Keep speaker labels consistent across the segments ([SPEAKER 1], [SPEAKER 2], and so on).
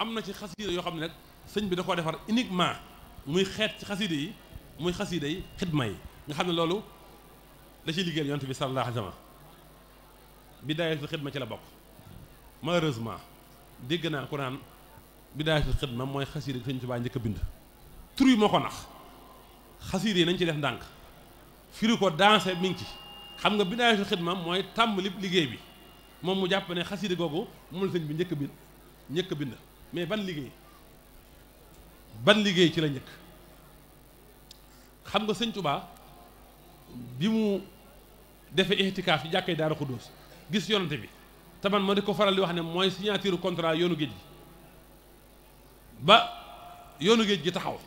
[SPEAKER 1] am na ci xasida yoo xam ne nag sëñ bi da koo defar uniquement muy xeet ci xasida yi muy xasida yi xidma yi nga xam ne loolu da ciy liggéeyal yonent bi sallallahu alayhi wa sallam bidaayatul xidma ci la bokk malheureusement dégg naa ku naan bidaayatul xidma mooy xasida yi sëñ Tuubaa njëkk a bind tur yi moo nax xasida yi nañ ci def ndànk firi ko dansé mi ngi ci xam nga bidaayatul xidma mooy tàmbali liggéey bi moom mu jàpp ne xasida googu moom la sëñ bi njëkk bind njëkk bind mais ban liggéey ban liggéey ci la njëkk xam nga sëñ Touba bi mu defee ixtikaaf ci jàkkee Daara Xuddoos gis yonante bi te man ma di ko faral di wax ne mooy signature contrat yoonu géej gi ba yoonu géej gi taxaw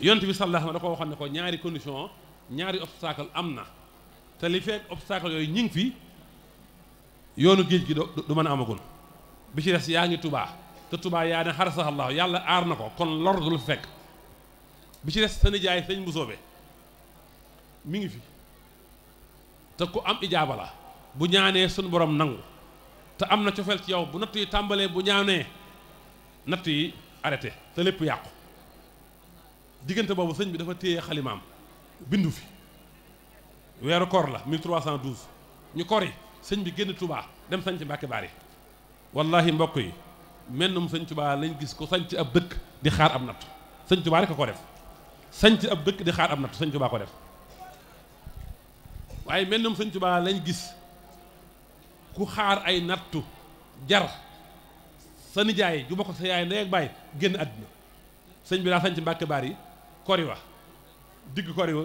[SPEAKER 1] yonante bi sallallaahu alayhi da ko waxoon ne ko ñaari condition ñaari obstacle am na te li fekk obstacle yooyu ñu ngi fi. yoonu géej gi du mën a amagul bi ci des yaa ngi tubaa te tubaa yaa ne xar sax allah yàlla aar na ko kon lor du la fekk bi ci des sa nijaay sëñ Mbusoobe mi ngi fi te ku am ijaaba la bu ñaanee suñu borom nangu te am na cofeel ci yow bu natt yi tàmbalee bu ñaanee natt yi arrêté te lépp yàqu diggante boobu sëñ bi dafa téye xalimaam bindu fi weeru koor la 1312 ñu kor yi sëñ bi génn tubaa dem sañ ci Mbàkke Baari wallahi mbokk yi mennum sëñ Touba lañ gis ko sañc ab dëkk di xaar ab natt sëñ Touba rek ko sañ ci ab dëkk di xaar ab natt sëñ Touba ko def waaye mennum sëñ Touba lañ gis ku xaar ay nattu jar sa nijaay ju bokk sa yaay ndey ak baay génn àddina sëñ bi daa sañ ci Mbàkke Baari kori wa digg kori wa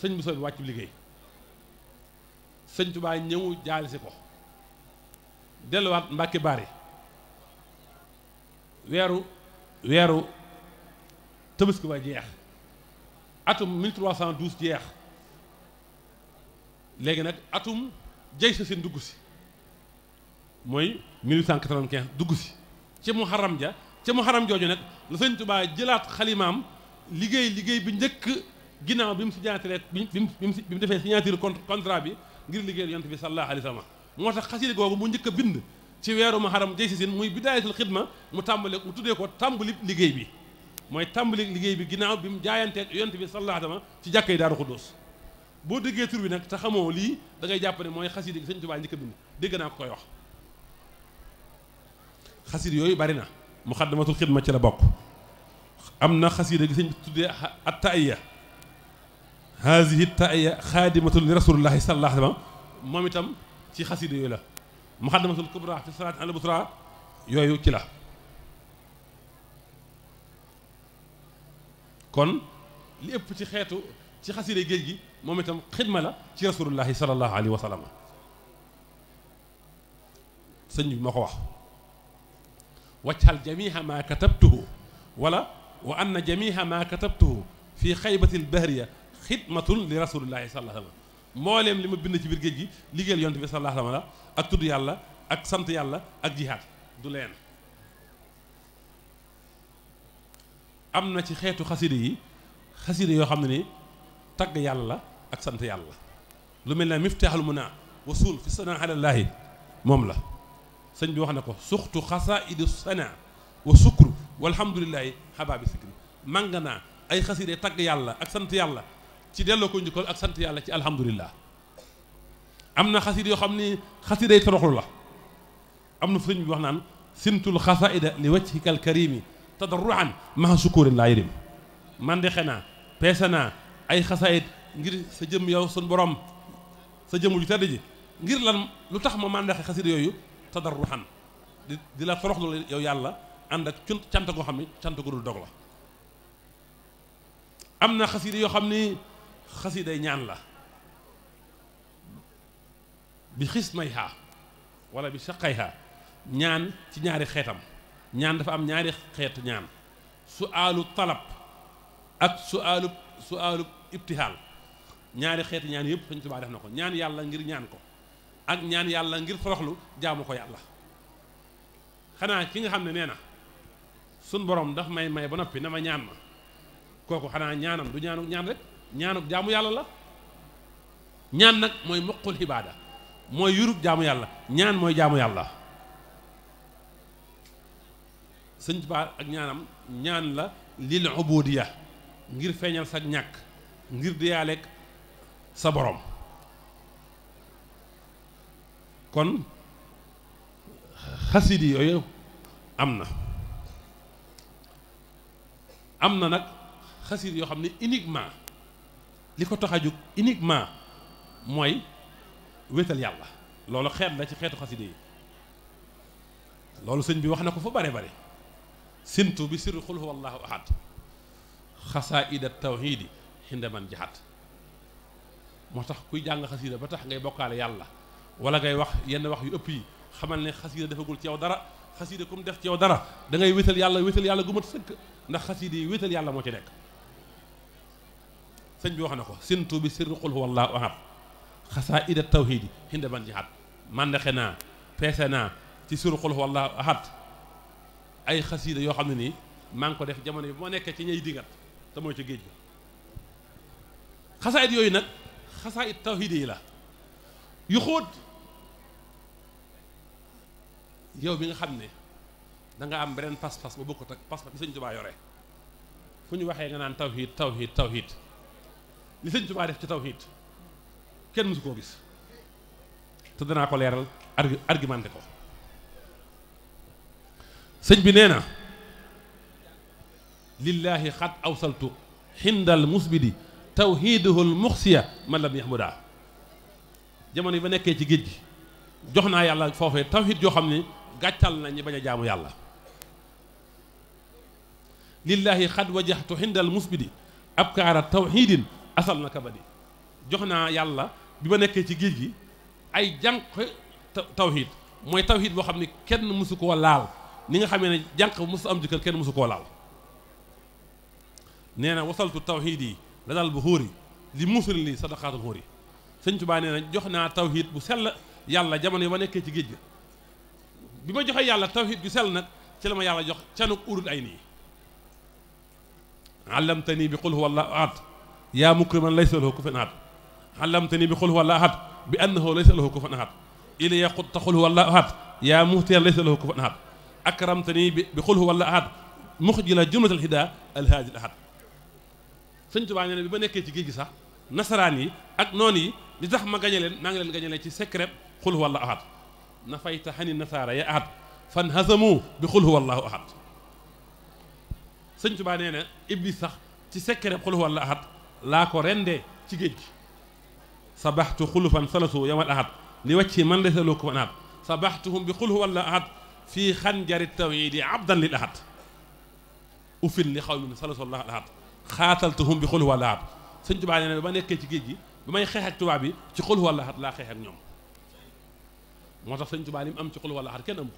[SPEAKER 1] sëñ bi sooy wàcc liggéey sëñ ñëw jaal ko delluwaat Mbàkke Bari weeru weeru Tabaski ba jeex atum cent 1312 jeex léegi nag atum jey sa seen dugg si mooy 1895 dugg si ci Muharram ja ci Muharram jooju nag la sëñ Tuubaa jëlaat xalimaam liggéey liggéey bi njëkk ginnaaw bi mu signature bi mu defee mu defee signature contrat bi ngir liggéeyal yonent bi sallallahu alayhi wa moo tax xasida googu mu njëkk bind ci weeru muharram jay si sin muy bidaayatul xidma mu tàmbale mu tuddee ko tàmbali liggéey bi mooy tàmbali liggéey bi ginnaaw bi mu jaayantee yonent bi sallallahu alayhi ci jàkk ci jàkkay Daaru Xuddoos boo déggee tur bi nag te xamoo lii dangay ngay mooy xasida gi Sëñ Tuubaa njëkk a bind dégg naa ko koy wax xasida yooyu bari na mu muxaddamatul xidma ci la bokk am na xasida gi sëñ haasihi taaya xaadimatul li rasulillahi sallallahu alayhi wa sallam moom itam ci xasida yooyu la muxaddamatul kubra fi salaat al busra yooyu ci la kon li ëpp ci xeetu ci xasida géej gi moom itam xidma la ci rasulullahi sallallahu alayhi wa sallam sëñ bi moo ko wax waccal jamiha ma katabtuhu wala wa anna jamiha ma katabtuhu fi xaybati al bahriya xidmatul li rasulillahi sallallahu alayhi li ma bind ci biir géej gi liggéeyal yonent bi sallallahu wa sallam la ak tudd yàlla ak sant yàlla ak jihaad du leen am na ci xeetu xasida yi xasida yoo xam ne ni tagg yàlla ak sant yàlla lu mel ne miftaaxul mun a wasuul fi sana alallaahi moom la sëñ bi wax ne ko suxtu xasaidu sana wa sukru walhamdulillahi xabaabi sikri màng naa ay xasida tagg yàlla ak sant yàlla ci delloo ko njukkal ak sant yàlla ci alhamdulilah am na xasid yoo xam ni xasiday toroxlu la am na fu sëñ bi wax naan simtul xasaida li wajhika al karimi tadarruan maa sukurin laa yërim man de xenaa peese naa ay xasaid ngir sa jëm yow sun borom sa jëmu ju tedd ji ngir lan lu tax ma màndaxe xasida yooyu tadarruhan di di la toroxlu la yow yàlla ànd ak cant goo xam ni cant gu dul dog la am na xasida yoo xam ni xasiday ñaan la bi xismayha wala bi saqayha ñaan ci ñaari xeetam ñaan dafa am ñaari xeetu ñaan su aalu talab ak su aalu su aalu ibtihaal ñaari xeeti ñaan yëpp Sëñ Tuubaa def na ko ñaan yàlla ngir ñaan ko ak ñaan yàlla ngir toroxlu jaamu ko yàlla xanaa ki nga xam ne nee na sun borom daf may may ba noppi na ma ñaan ma kooku xanaa ñaanam du ñaanu ñaan rek ñaanuk jaamu yàlla la ñaan nag mooy muqul ibaada mooy yurug jaamu yàlla ñaan mooy jaamu yàlla sëñ Tuubaa ak ñaanam ñaan la lil ubudiya ngir feeñal sa ñàkk ngir diyaaleeg sa boroom kon xasidi yooyu am na am na nag xasidi yoo xam ne uniquement li ko tax a jóg uniquement mooy wéetal yàlla loolu xeet la ci xeetu xaside yi loolu sëñ bi wax na ko fa bare bare sintu bi sirru xul huwa allahu ahad xasaaida tawxiidi xindaman jaxat moo tax kuy jàng xasida ba tax ngay bokkaale yàlla wala ngay wax yenn wax yu ëpp yi xamal ne xasida defagul ci yow dara xasida kum def ci yow dara dangay ngay wéetal yàlla wéetal yàlla gu mat sëkk ndax xasida yi wéetal yàlla moo ci nekk sëñ bi wax na ko sintu bi sirru qul huwallahu ahad xasaa ida tawhidi hinda ban jihaat màndaxe naa feese naa ci sirru qul huwallahu ahad ay xasiida yoo xam ne nii maa ngi ko def jamono bi moo nekkee ci ñay digat te mooy ci géej gi yooyu nag xasaayit tawhid yi la yu xóot yow bi nga xam ne da am beneen pas-pas ba bokkut ak pas-pas bi Sëñ Tuubaa yore fu ñu waxee nga naan taw taw tawhid taw tawhid li sëñ Tuubaa def ci tawhiid kenn mësu koo gis te danaa ko leeral argumenté ko sëñ bi nee na lillaahi xat awsaltu xindal musbidi tawhiiduhul muxsiya man lam yahmudaa jamono yi ba nekkee ci géej gi jox naa yàlla foofee tawhiid yoo xam ne gàccal na ñi bañ a jaamu yàlla lillaahi xat wajaxtu xindal musbidi abkaara tawhiidin asal na kabadi jox naa yàlla bi ma nekkee ci géej gi ay jànq tawhid mooy tawhid boo xam ne kenn mësu koo laal ni nga xamee ne jànq mësu am jëkkër kenn mësu koo laal nee na wasaltu tawhid yi la daal bu xóori li musul li sadaqaatul xóori sëñ Tuubaa nee na jox naa tawhid bu sell yàlla jamono yi ma nekkee ci géej gi bi ma joxee yàlla tawhid bu sell nag ci la ma yàlla jox canuk urul ay nii allamtani bi qul huwa allahu ahad yaa mukriman laysa lahu kufuwan ahad allamtani bi qul huwallaahu ahad bi annahu laysa lahu kufuwan ahad ilayya qutta qul huwallaahu ahad yaa muhtiyan laysa lahu kufuwan ahad akramtani bi qul huwallaahu ahad muxjila jumlatal hidaa alhaadi al ahad sëñ Tuubaa nee na bi ma nekkee ci géej gi sax nasaraan yi ak noon yi li tax ma gañe leen maa ngi leen gañe leen ci secret qul huwallaahu ahad nafayta hani nasaara ya ahad fan hasamu bi qul huwallaahu ahad sëñ Tuubaa nee na iblis sax ci secret qul huwallaahu ahad laa ko rende ci géej gi sabaxtu xulufan salasu yawmal ahad li wàcci man laysa lahu kufuwan ahad sabaxtuhum bi xuluf wala ahad fii xanjari tawhidi abdan lil ahad ufin li xawlin salasu wala ahad xaataltuhum bi xuluf wala ahad sëñ Tuubaa nee na ba nekkee ci géej gi ba may xeex ak tubaab bi ci xuluf wala ahad laa xeex ñoom moo tax sëñ Tuubaa li am ci xuluf wala ahad kenn amu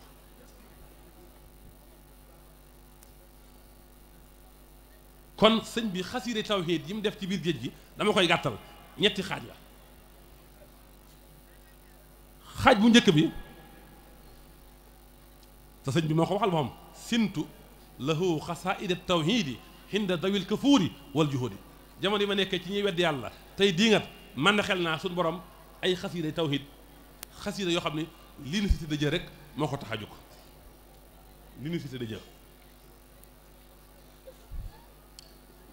[SPEAKER 1] kon sëñ bi xaside tawhid yi mu def ci biir géej gi dama koy gàttal ñetti xaaj la xaaj bu njëkk bi te sëñ bi moo ko waxal boppam sintu lahu xasaaida tawhidi hinda dawil kafuuri wal juhudi jamono yi ma nekkee ci ñuy wedd yàlla tey diingat man na xel naa suñu borom ay xasida tawhid xasida yoo xam ne l'université de Dieu rek moo ko tax a jóg l'université de Dieu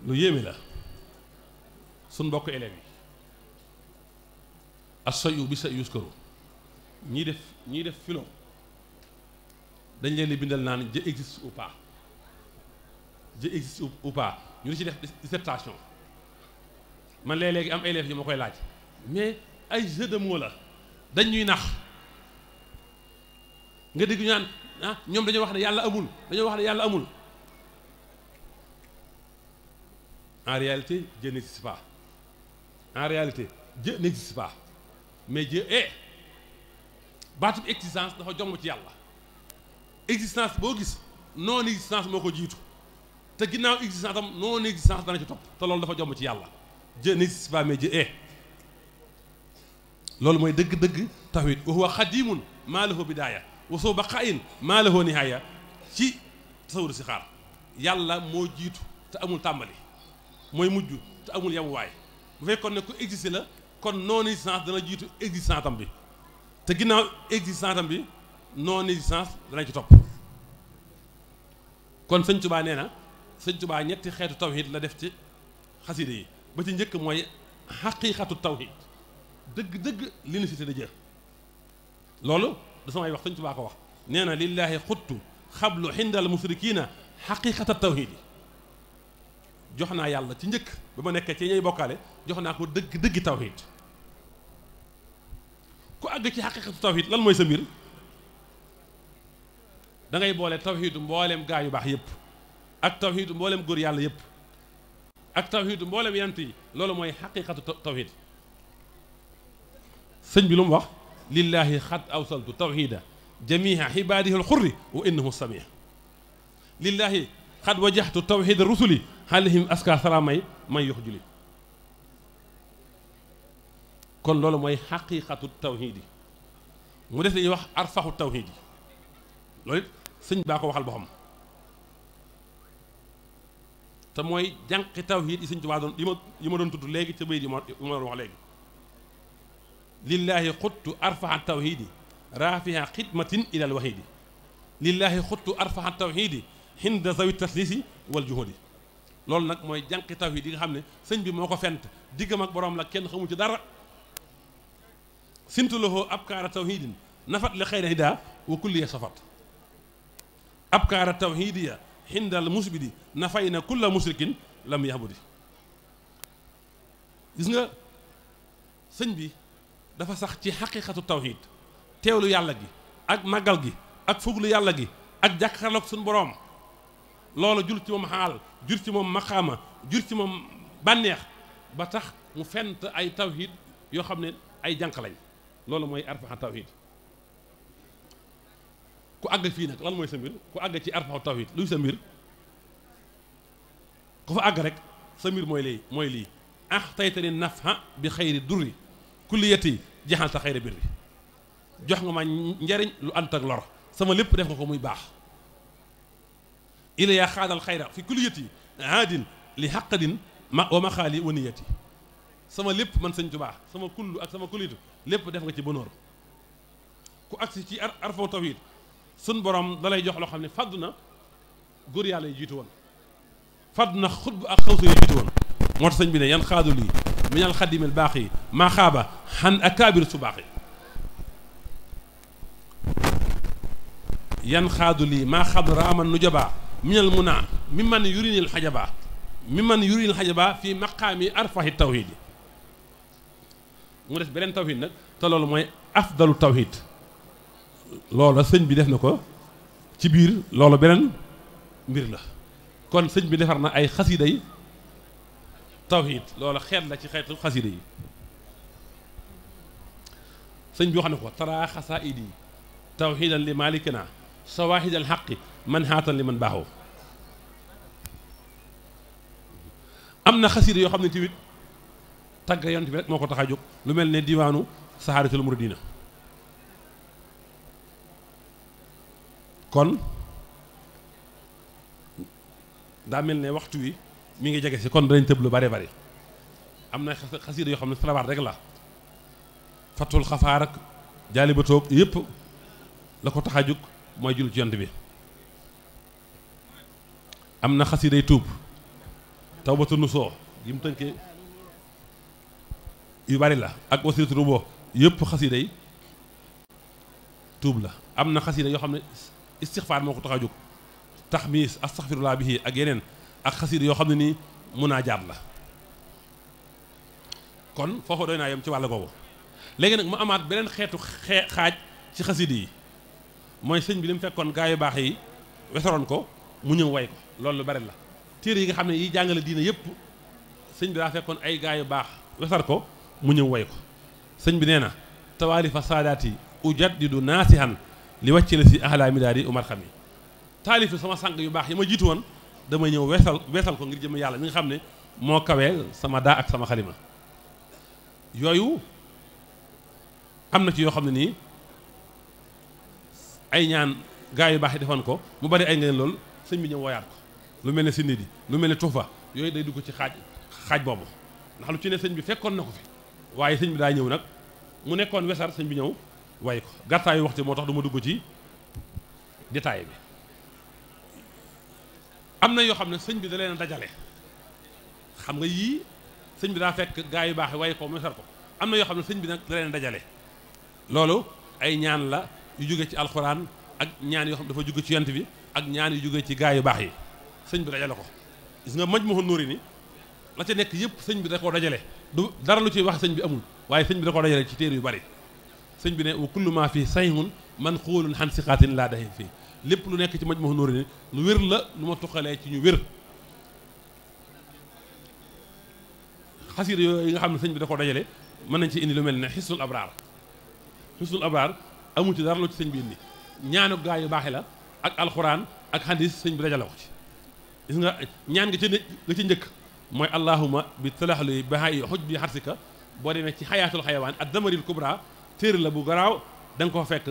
[SPEAKER 1] lu yéeme la suñ mbokk élèves yi as sayu bi sa yuskaru ñii def ñii def filo dañ leen bindal naan je existe ou pas je existe upa ñu di ci def dissertation man léeg-léegi am élèves yi ma koy laaj mais ay jeu de mots la dañ ñuy nax nga dégg ñu naan ah, ñoom dañoo wax ne yàlla amul dañoo wax ne yàlla amul En réalité, Dieu n'existe pas. En réalité, Dieu n'existe Mais Dieu est. baatub existence dafa jomb ci yàlla existence boo gis non existence moo ko jiitu te ginnaaw existence am non existence dana ci topp te loolu dafa jomb ci yàlla Dieu n'existe mais Dieu est loolu mooy dëgg-dëgg tawhid wa huwa xadimun maa lahu bidaaya wa soo baqaayin maa lahu nihaaya ci tasawur si xaar yàlla moo jiitu te amul tàmbali mooy mujj te amul yamuwaay bu fekkoon ne ku existé la kon non existence dana jiitu existence tam bi te ginnaaw existence tam bi non existence dana ci topp kon sëñ Tubaa nee na sëñ Tubaa ñetti xeetu tawhid la def ci xaside yi ba ci njëkk mooy xaqiiqatu tawhid dëgg-dëgg li nu cité da jër loolu da samay wax sëñ Tubaa ko wax nee na lillaahi xuttu xablu xindal musrikiina xaqiiqata tawhid yi jox naa yàlla ci njëkk ba ma nekkee ci ñay bokkaale jox naa ko dëgg dëggi tawhid ku àgg ci xaqiqatu tawhid lan mooy sa mbir dangay ngay boole tawhidu mbooleem gaa yu baax yépp ak tawhidu mbooleem góor yàlla yépp ak tawhidu mbooleem yant yi loolu mooy xaqiqatu tawhid sëñ bi lu mu wax lillahi xad awsaltu tawhida jamiha xibaadihi alxurri wa innahu samih lillahi xad wajaxtu tawxida rusuli xaalihim aska salamay may yox juli kon loolu mooy xaqiqatu tawxiid yi mu def li ñuy wax arfaxu tawxiid yi loolu it sëñ baa ko waxal boppam te mooy jànqi tawxiid yi sëñ Tuubaa doon yi ma yi ma doon tudd léegi ca bayit yi ma ma doon wax léegi lillaahi xuttu arfaxa tawxiidi raafiha xidmatin ilal waxiidi lillaahi xuttu arfaxa tawxiidi hinda zawi tasliisi wal juhudi loolu nag mooy jànqi taw yi di nga xam ne sëñ bi moo ko fent diggam ak boroom la kenn xamu ci dara sintu lahu abkaara tawhidin nafat li xayri hidaa wa kulliya safat abkaara tawhidiya hindal musbidi nafay na kulla musrikin lam yahbudi gis nga sëñ bi dafa sax ci xaqiqatu tawhid teewlu yàlla gi ak màggal gi ak fuglu yàlla gi ak jàkkaarloog suñu boroom loola jur ci moom xaal jur ci moom maqaama jur ci moom bànneex ba tax mu fent ay tawhid yoo xam ne ay janq lañ loolu mooy arfaxa tawhid ku àgg fii nag lan mooy sa mbir ku àgg ci arfaxu tawhid luy sa mbir ku fa àgg rek sa mbir mooy lii mooy lii ah taytani nafha bi xayri durri kulliyati jaxal sa xayri birri jox nga ma njariñ lu ànd ak lor sama lépp def ko muy baax ila yaa xaadal xayra fi kulliyati aadin li xaqadin ma wa maxaali wa niyati sama lépp man sëñ Tuubaa sama kullu ak sama kullitu lépp def nga ci bonóor ku agsi ci arfo tawhid sun borom da lay jox loo xam ne fàddu na góor yàlla yi jiitu woon fàddu na xutb ak xawsu yi jiitu woon moo tax sëñ bi ne yan xaadul yi min al xadimil baax yi maa xaaba xan akaabir su baax yi yan xaadul yi maa xadra aman nu jabaa minal munaa mi man yurinil xajabaa mi man yurinil xajabaa fii maqaami arfahi tawhidi mu def beneen tawhid nag te loolu mooy afdalu tawhid loola sëñ bi def na ko ci biir loolu beneen mbir la kon sëñ bi defar na ay xasida yi tawhid xeet la ci xeetu xasida yi sëñ bi wax na ko tara xasaidi tawhidan li malikina sawaahid al xaqi man xaatan li man baaxoo am na xasida yoo xam ne tamit tagg yonent bi rek moo ko tax a jóg lu mel ne diwaanu saxaaratul muridina kon daa mel ne waxtu wi mu ngi jege si kon danañ tëb lu bare bare am na xasida yoo xam ne salawaat rek la fatul xafaar ak jaalibatoog yëpp la ko tax a jóg mooy jul ci yont bi am na xasiday tuub tawbatu nusoo yi mu tënkee yu bari la ak wasilatu rubo yëpp xasiday tuub la am na xasida yoo xam ne istixfaar moo ko tax a jóg taxmiis astaxfirullaa ak yeneen ak xasida yoo xam ne nii munaajaat la kon foofu doy naa yom ci wàll googu léegi nag mu amaat beneen xeetu xee xaaj ci xasida yi mooy sëñ bi li mu fekkoon gaa yu baax yi wesaroon ko mu ñëw way ko loolu lu bari la téere yi nga xam ne yi jàngale diine yëpp sëñ bi daa fekkoon ay gaa yu baax wesar ko mu ñëw way ko sëñ bi nee na tawaalifa saadaati ujaddidu naasihan li wàcce la si ahlaa midaadi umar xam yi taalifu sama sàng yu baax yi ma jiitu woon damay ñëw weesal weesal ko ngir jëm yàlla mi nga xam ne moo kawee sama daa ak sama xalima yooyu am na ci yoo xam ne nii ay ñaan gaa yu baax yi defoon ko mu bari ay ngeen lool sëñ bi ñëw woyaat ko lu mel ni sindi di lu mel ni tuufa yooyu day dugg ci xaaj xaaj boobu ndax lu ci ne sëñ bi fekkoon na ko fi waaye sëñ bi daa ñëw nag mu nekkoon wesar sëñ bi ñëw way ko gàttaayu waxtu moo tax du ma dugg ci détail bi am na yoo xam ne sëñ bi da leen dajale xam nga yii sëñ bi daa fekk gaa yu baax yi way ko mu wesar ko am na yoo xam ne sëñ bi nag da dajale loolu ay ñaan la yu jóge ci alxuraan ak ñaan yoo xam dafa jóge ci yant bi ak ñaan yu jóge ci gaa yu baax yi sëñ bi dajale ko gis nga Majmahun ni la ca nekk yëpp sëñ bi da dajale du dara lu ciy wax sëñ bi amul waaye sëñ bi da dajale ci téere yu bari sëñ bi ne wa kullu ma fii sayhun man xuulun xan siqaatin laa daxin fii lépp lu nekk ci Majmahun Nurayni lu wér la lu ma tuqalee ci ñu wér xasiida yooyu yi nga xam ne sëñ bi da dajale mën nañ ci indi lu mel ne xisnul abraar amu ci dara loo ci sëñ bi indi ñaanu gaa yu baax la ak alxuraan ak xadis sëñ bi dajale ko ci gis nga ñaan nga ci njëkk mooy allahuma bi talaxluyi baxaayi xuj bi xarsika boo demee ci xayaatul xayawaan ak damaril kubra téere la bu garaaw da nga ko fekk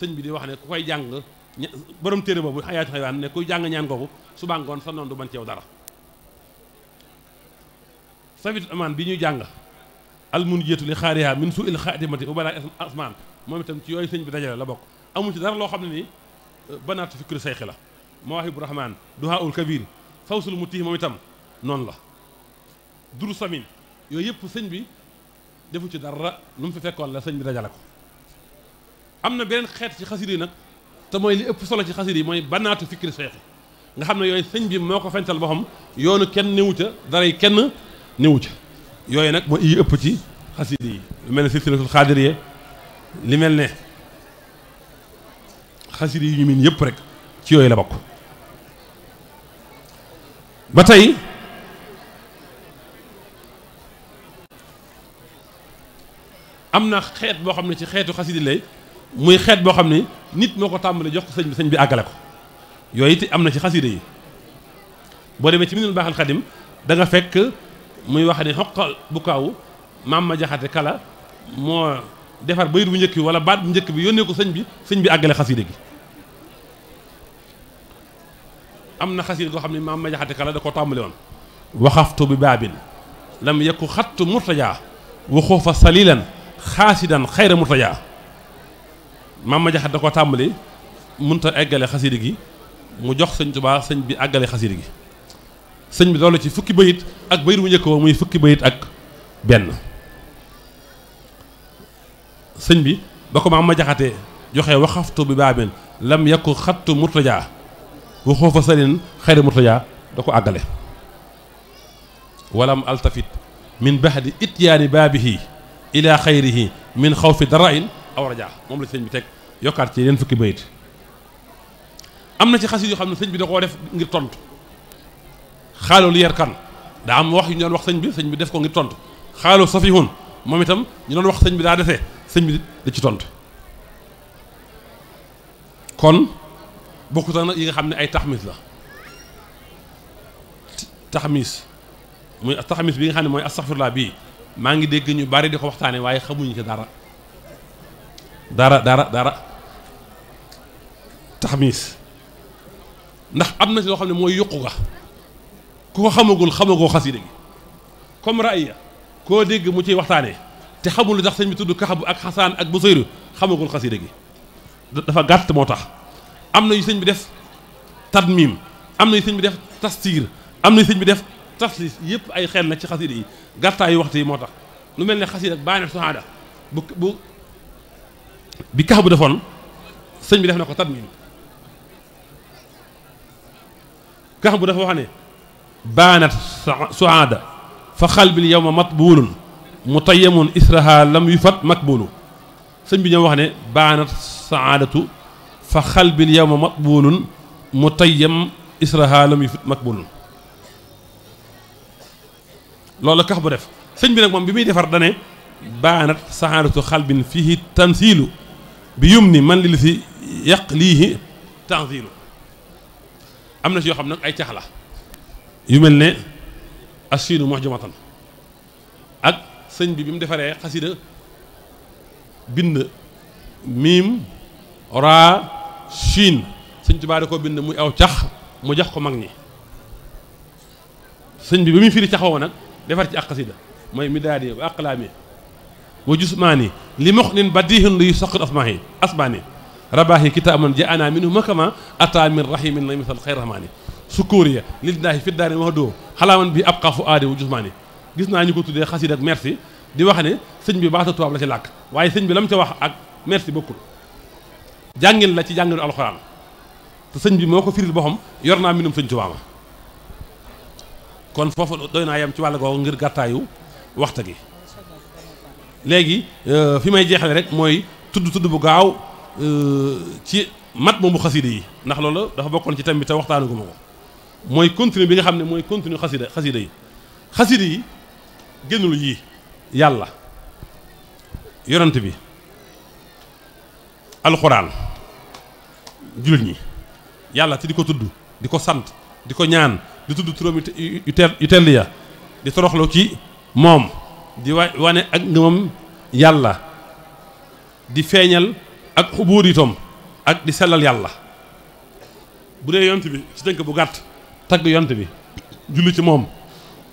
[SPEAKER 1] sëñ bi di wax ne ku koy jàng borom téere boobu xayaatul xayawaan ne kuy jàng ñaan googu suba ngoon sa noon du mën ci yow dara safitu amaan bi ñuy jàng almun jeetu li xaariha min su il xaatimati ubala asmaan moom itam ci yooyu sëñ bi dajale la bokk amul ci dara loo xam ne ni euh, banaatu fikru sayxi la mawaahibu rahmaan duhaaul kabir fawsul mutiih moom itam noonu la duru samin yooyu yëpp sëñ bi defu ci dara lu mu fi fekkoon la sëñ bi dajale ko am na beneen xeet ci xasida yi nag te mooy li ëpp solo ci xasida yi mooy banaatu fikri sayxi nga xam ne yooyu sëñ bi moo ko fental boppam yoonu kenn newu ca daray kenn newu ca yooyu nag mooy yi ëpp ci xasida yi lu mel ne silsilatul li mel ne xasida yi ñu miin yëpp rek ci yooyu la bokk ba tey am na xeet boo xam ne ci xeetu xasida lay muy xeet boo xam ne nit moo ko tàmbali jox ko sëñ bi sëñ bi àggale ko yooyu it am na ci xasida yi boo demee ci minul baaxal xadim da fekk muy wax ne xoqal bu kaaw maam ma jaxate kala moo defar bayit bu njëkk bi wala baat bu njëkk bi yónnee ko sëñ bi sëñ bi àggale xaside gi am na xaside goo xam ne maam ma kala da koo tàmbali woon waxaftu bi baabin lam yakku xattu tajaa waxoo fa salilan xaasidan xayra murtajaa maam ma jaxate da koo tàmbali munta àggale xaside gi mu jox sëñ Tuubaa sëñ bi àggale xaside gi sëñ bi loolu ci fukki bayit ak bayit bu njëkk woon muy fukki bayit ak benn sëñ bi ba ko maam ma jaxatee joxe waxaftu bi baabin lam yakku xattu murtajaa waxoo fa salin xayri murtajaa da ko àggale walam altafit min baxdi ityaani baabihi ila xayrihi min xawfi darain aw rajaa moom la sëñ bi teg yokkaat ci yeneen fukki bayit am na ci xasit yoo xam ne sëñ bi da koo def ngir tontu xaaloolu yer kan daa am wax yu ñu doon wax sëñ bi sëñ bi def ko ngir tontu xaaloo safihun moom itam ñu doon wax sëñ bi daa defee sëñ bi da ci tontu kon bokkut nag yi nga xam ne ay taxmis la taxmis muy taxmis bi nga xam ne mooy astaxfirullah bii maa ngi dégg ñu bari di ko waxtaane waaye xamuñu ko dara dara dara dara ndax am na si loo xam ne mooy yuqu ga ku ko xamagul xamagoo xas yi dégg comme raaya koo dégg mu ci waxtaanee te xamul ndax sëñ bi tudd kaxabu ak xasaan ak busayru xamagul xasida gi dafa gàtt moo tax am na yu sëñ bi def tadmim am na yu sëñ bi def tastiir am na yu sëñ bi def tafsis yëpp ay xel na ci xasida yi gàttaayu waxtu yi moo tax lu mel ne xasida ak baane suhaada bu bu bi kaxabu defoon sëñ bi def na ko kax bu dafa wax ne baanat suhaada fa xalbil yawma matbuulun mu tayyamun israha lam yu fat makbulu sëñ bi ñoo wax ne baanat saadatu fa xalbin yawma maqbulun mu tayyam israha lam yu makbulun loolu kax bu def sëñ bi nag moom bi muy defar dane baanat saadatu xalbin fihi tansilu bi yum ni man lil si yàq liihi tansilu am na si yoo xam nag ay cax la yu mel ne asiinu muhjamatan ak sëñ bi bi mu defaree xasida bind miim ra shin sëñ Tuubaa da bind muy aw cax mu jax ko mag ñi sëñ bi ba muy firi caxoo nag defar ci ak xasida mooy midaadi wa aqlaami wa jusmaani li muxnin badihin luy soqil asmaani asmaani rabaahi kitaaman jaana minhu makama ataa min rahimin la misal xayr rahmaani sukkuuriya lil daahi fi daari wax doo xalaaman bi ab xaafu aadi wa jusmaani gis naa ñu ko tuddee xasida ak merci di wax ne sëñ bi baata tubaab la ci làkk waaye sëñ bi la mu ca wax ak merci bokkul jàngin la ci jànginu alxuraan te sëñ bi moo ko firil boppam yor naa mbindum sëñ Tuubaa ma kon foofu doy naa yem ci wàll googu ngir gàttaayu waxta gi léegi euh, fi may jeexale rek mooy tudd tudd bu gaaw euh, ci mat moomu xasida yi ndax loolu dafa bokkoon ci tam bi te waxtaanu guma ko mooy continue bi nga xam ne mooy continue xasida xasida yi xasida yi génnul yii yàlla yonent bi alxuraan jullit ñi yàlla ci di ko tudd di ko sant di ko ñaan di tudd turam yu tell ya di toroxlu ci moom di wa wane ak ngëmam yàlla di feeñal ak xubuur ak di sellal yàlla bu dee yonent bi ci tënk bu gàtt tagg yonent bi julli ci moom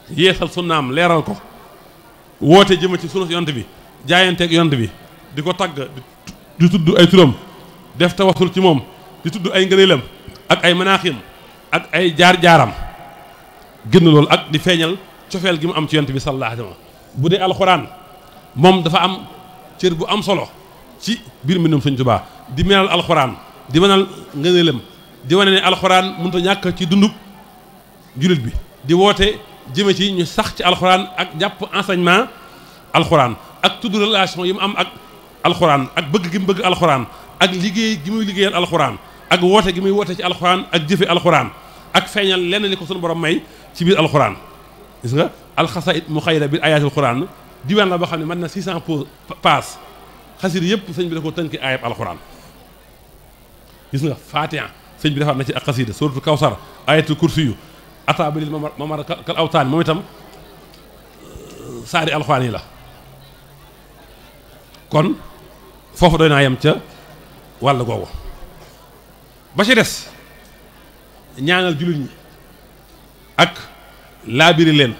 [SPEAKER 1] yeesal sunnaam leeral ko woote jëma ci sunu yont bi jaayanteeg yont bi di ko tagg di tudd ay turam def tawasul ci moom di tudd ay ngëneelam ak ay manaaxim ak ay jaar-jaaram génn loolu ak di feeñal cofeel gi mu am ci yont bi sallallahu alayhi bu dee alxuraan moom dafa am cër bu am solo ci biir mbindum Sëñ Tuubaa di melal alxuraan di mënal ngëneelam di wane ne alxuraan mënut a ñàkk ci dundub jullit bi di woote jëme ci ñu sax ci alxuraan ak jàpp enseignement alxuraan ak tudd relation yi mu am ak alxuraan ak bëgg gi mu bëgg alxuraan ak liggéey gi muy liggéeyal alxuraan ak woote gi muy woote ci alxuraan ak jëfe alxuraan ak feeñal lenn li ko sunu borom may ci biir alxuraan gis nga alxasaid mu xayra biir ayaatul xuraan diwaan la boo xam ne mën na 600 po paas xasir yëpp sëñ bi da ko tënki ayab gis nga Fatiha sëñ bi defaat na ci ak xasida suratul kawsar ayatul kursiyu ataa bilil mamar kal awtaan moom itam euh, saari alxuraan yi la kon foofu doy naa yem ca wàll googu ba ci des ñaanal jullit ñi ak laabiri leen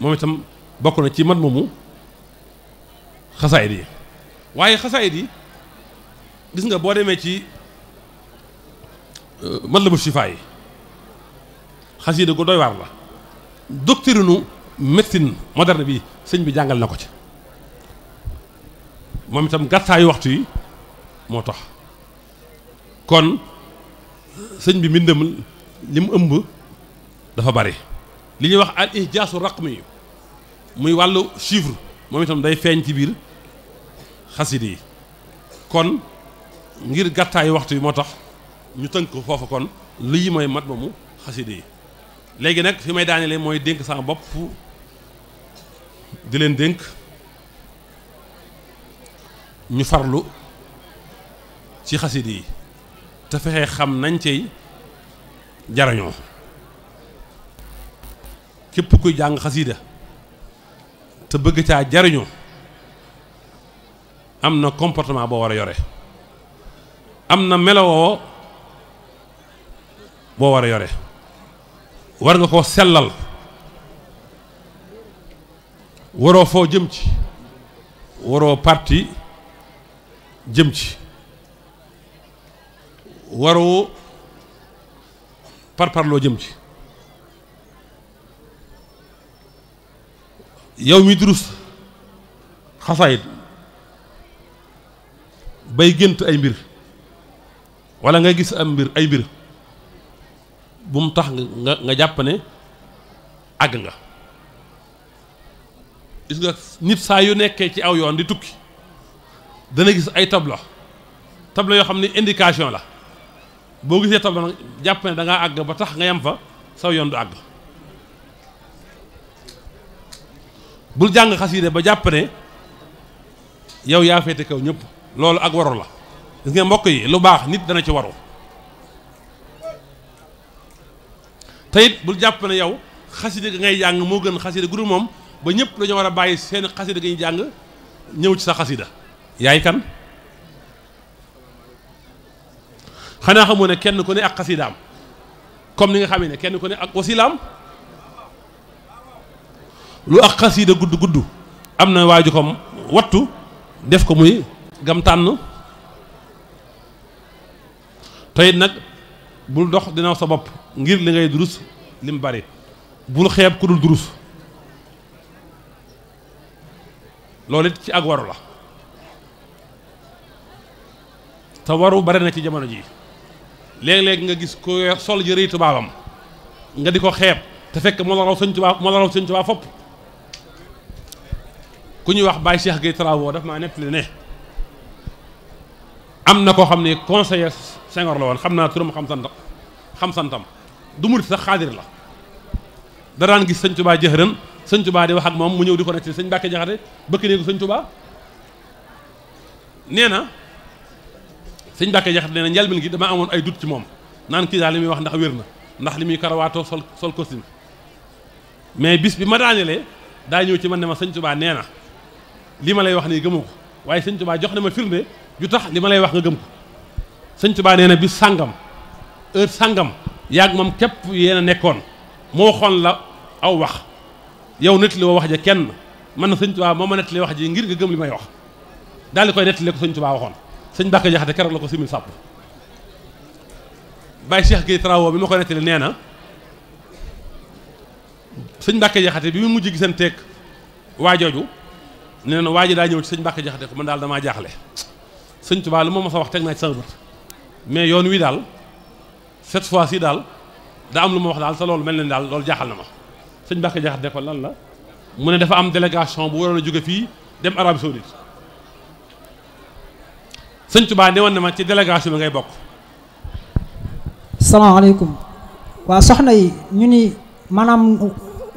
[SPEAKER 1] moom itam bokk na ci man moomu xasaayit yi waaye xasaayit yi gis nga boo demee ci euh, man la bu sifaa yi xasida gu doy waar la doctrinu médecine moderne bi sëñ bi jàngal na ko ci moom itam gàttaayu waxtu yi moo tax kon sëñ bi mbindam li mu ëmb dafa bari li ñuy wax al ihjaasu raqmi muy wàllu chiffre moom itam day feeñ ci biir xasida yi kon ngir gàttaayu waxtu yi moo tax ñu tënk ko foofu kon lii mooy mat moomu xasida yi léegi nag fi may daanelee mooy dénk sama bopp di leen dénk ñu farlu ci xasida yi te fexe xam nañ cey jariñoo képp kuy jàng xasida te bëgg caa jariñoo am na comportement boo war a yore am na melowoo boo war a yore war nga koo sellal waroo foo jëm ci waroo parti jëm ci waroo parparloo jëm ci yow mi durus xasaayit bay gént ay mbir walla nga gis am mbir ay mbir bu mu tax nga nga jàpp àgg nga gis nga nit saa yu nekkee ci aw yoon di tukki dana gis ay tableau tableau yoo xam ne indication la boo gisee tableau nag jàpp àgg ba tax nga yem fa saw yoon du àgg bul jàng xasida ba jàpp ne yow yaa féete kaw ñëpp loolu ak waru la gis nga mbokk yi lu baax nit dana ci waru te it bul jàpp ne yow xasida ga ngay jàng moo gën xasida gudul moom ba ñëpp dañoo war a bàyyi seen xasida ga ñuy jàng ñëw ci sa xasida yaay kan xanaa xamoo ne kenn ku ne ak xasidaam comme li nga xamee ne kenn ku ne ak wasilaam lu ak xasida gudd gudd am na waaju ko wattu def ko muy gam tànn teyit nag bul dox dina sa bopp ngir li ngay durus lim bari bul xeeb ku dul durus loolu it ci ak waru la te waru bari na ci jamono ji léeg-léeg nga gis ku sol yërey tubaabam nga di ko xeeb te fekk moo la raw sëñ tubaab moo la fopp ku ñuy wax baay Cheikh Gueye Travaux daf maa nettali ne am na koo xam ne conseiller Senghor la woon xam naa turam xam santam xam santam du murit sax xaadir la da daan gis sëñ tubaa jëxëran sëñ tubaa di wax ak moom mu ñëw di ko nekk sëñ Mbàkke Jaxate bëkk néegu sëñ tubaa nee na sëñ Mbàkke Jaxate nee na njalbin gi dama amoon ay dut moom naan kii daal muy wax ndax wér na ndax li muy karawaatoo sol sol costume mais bis bi ma daanelee daa ci man ne ma sëñ nee na li ma lay wax nii gëmu ko waaye sëñ tubaa jox na ma firnde ju tax li ma lay wax nga gëm ko sëñ na bis sàngam heure sàngam yàgg moom képp yéen a nekkoon moo xoon la aw wax yow nett li wax ja kenn man na sëñ tubaa moo ma nett li wax ji ngir nga gëm li may wax daal di koy nettali ko sëñ tubaa waxoon sëñ Mbàkke Jaxate keroog la ko simil sàpp Baye Cheikh Gueye Trawo bi ma koy nee na sëñ Mbàkke bi mu mujj gisanteeg waa jooju nee na waa ji daa ñëw ci sëñ Mbàkke Jaxate ko man daal damaa jaaxle sëñ tubaa lu ma mos wax teg naa ci sama bët mais yoon wii daal cette fois sii daal daa am lu ma wax daal sa loolu mel ne daal loolu jaaxal na ma sëñ Mbacke Diakhaté ne ko lan la mu ne dafa am délégation bu waroon a jóge fii dem Arabie Saoudite sëñ Touba ne woon na ma ci délégation bi ngay bokk. salaamaaleykum waa soxna yi ñu ni maanaam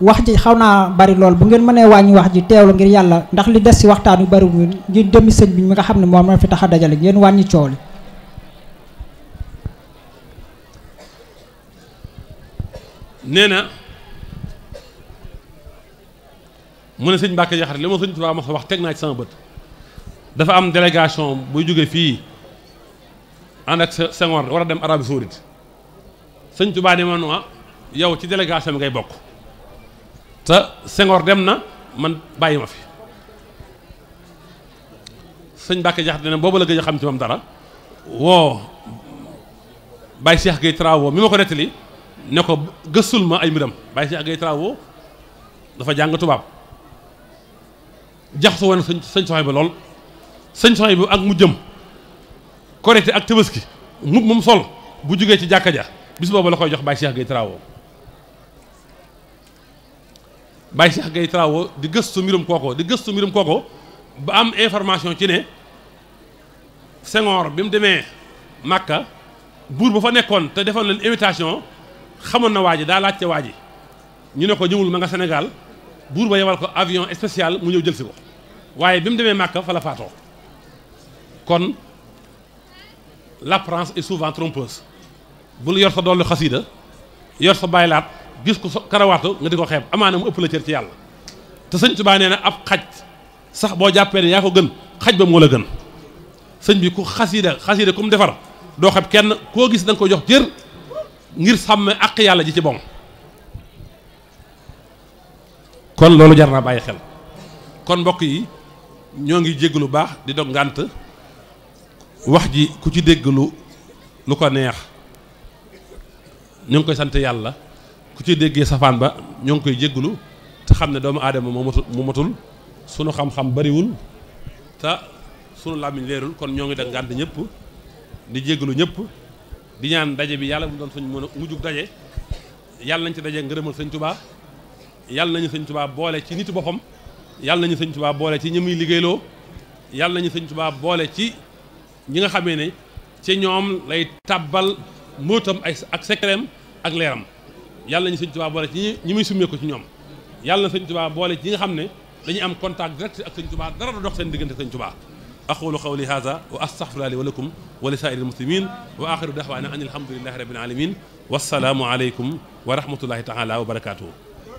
[SPEAKER 1] wax ji xaw naa bari lool bu ngeen mënee wàññi wax ji teewlu ngir yàlla ndax li des ci waxtaan wi bariwul ngir demi sëñ bi mi nga xam ne moom la fi tax a dajale ngeen wàññi coow li nee na mu ne sëñ Mbàkke Jaxate li ma sëñ Tuubaa ma wax teg naa ci sama bët dafa am délégation buy jóge fii ànd ak Senghor war a dem Arabie Saoudite sëñ Tuubaa ne ma yow ci délégation bi ngay bokk te Senghor dem na man bàyyi ma fi sëñ Mbàkke Jaxate ne boobu la gëj a xam ci moom dara woo Baye gi Gueye Travo mi ma ko nettali ne ko gëstul ma ay mbiram bàyyi si gay ay dafa jàng tubaab jaxasoo woon sëñ sëñ soxay ba lool sëñ soxay bi ak mu jëm korite ak tabaski mu moom sol bu jógee ci jàkka ja bis boobu la koy jox bàyyi Cheikh Gueye Trawo bàyyi Cheikh Gueye Trawo di gëstu mbirum kooko di gëstu mbirum kooko ba am information ci ne Senghor bi mu demee Màkka buur ba fa nekkoon te defoon leen invitation xamoon na waa ji daa laajte waa ji ñu ne ko ñëwul ma nga Sénégal buur ba yebal ko avion spécial mu ñëw jël si ko waaye bi mu demee Màkka fa la faatoo kon l'apparence et souvent trompeuse bul yor sa dollu xasiida yor sa baylaat gis ko karawaatu nga di ko xeeb amaana mu ëpp la cër ci yàlla te sëñ Tuubaa nee na ab xaj sax boo jàppee ne yaa ko gën xaj ba moo la gën sëñ bi ku xasiida xasiida ku mu defar doo xeeb kenn koo gis da ko jox cër ngir sàmm àq yàlla ji ci moom kon loolu jar naa bàyyi xel kon mbokk yi ñoo ngi jégg lu baax di dog ngànt wax ji ku ci dégg lu lu ko neex ñu ngi koy sant yàlla ku ci déggee safaan ba ñoo ngi koy jégglu te xam ne doomu aadama moo matul mu matul sunu xam-xam bariwul te sunu làmmiñ leerul kon ñoo ngi dog ngànt ñëpp di jégglu ñépp di ñaan daje bi yàlla bu doon suñ mën a mujjug daje yàlla nañ ci daje ngërëmal sëñ tubaa yàlla nañu sëñ tubaa boole ci nitu boppam yàlla nañu sëñ boole ci ñi muy liggéeyloo yàlla nañu sañ tubaa boole ci ñi nga xamee ne ci ñoom lay tàbbal mbóotam ay ak sekkereem ak leeram yàlla nañu sëñ tubaa boole ci ñi muy summee ko ci ñoom yàlla na sëñ tubaa boole ci ñi nga xam ne dañuy am contact direct ak sëñ tubaa dara du seen diggante sëñ tubaa aqulu qawli hada wa astaghfirullahi wa lakum wa li saa'iril muslimin wa axiru da'waana an alhamdulillahi rabbil alamin wassalaamu aleykum wa rahmatullahi taala wa barakatuhu